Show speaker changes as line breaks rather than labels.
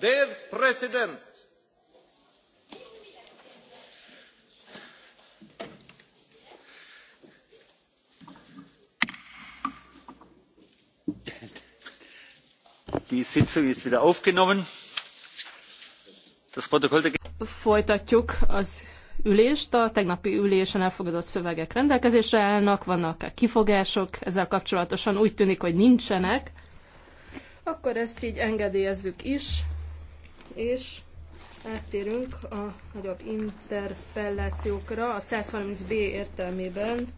Dear President,
Folytatjuk az ülést. A tegnapi ülésen elfogadott szövegek rendelkezésre állnak, vannak -e kifogások ezzel kapcsolatosan, úgy tűnik, hogy nincsenek. Akkor ezt így engedélyezzük is és áttérünk a nagyobb interpellációkra a 130B értelmében.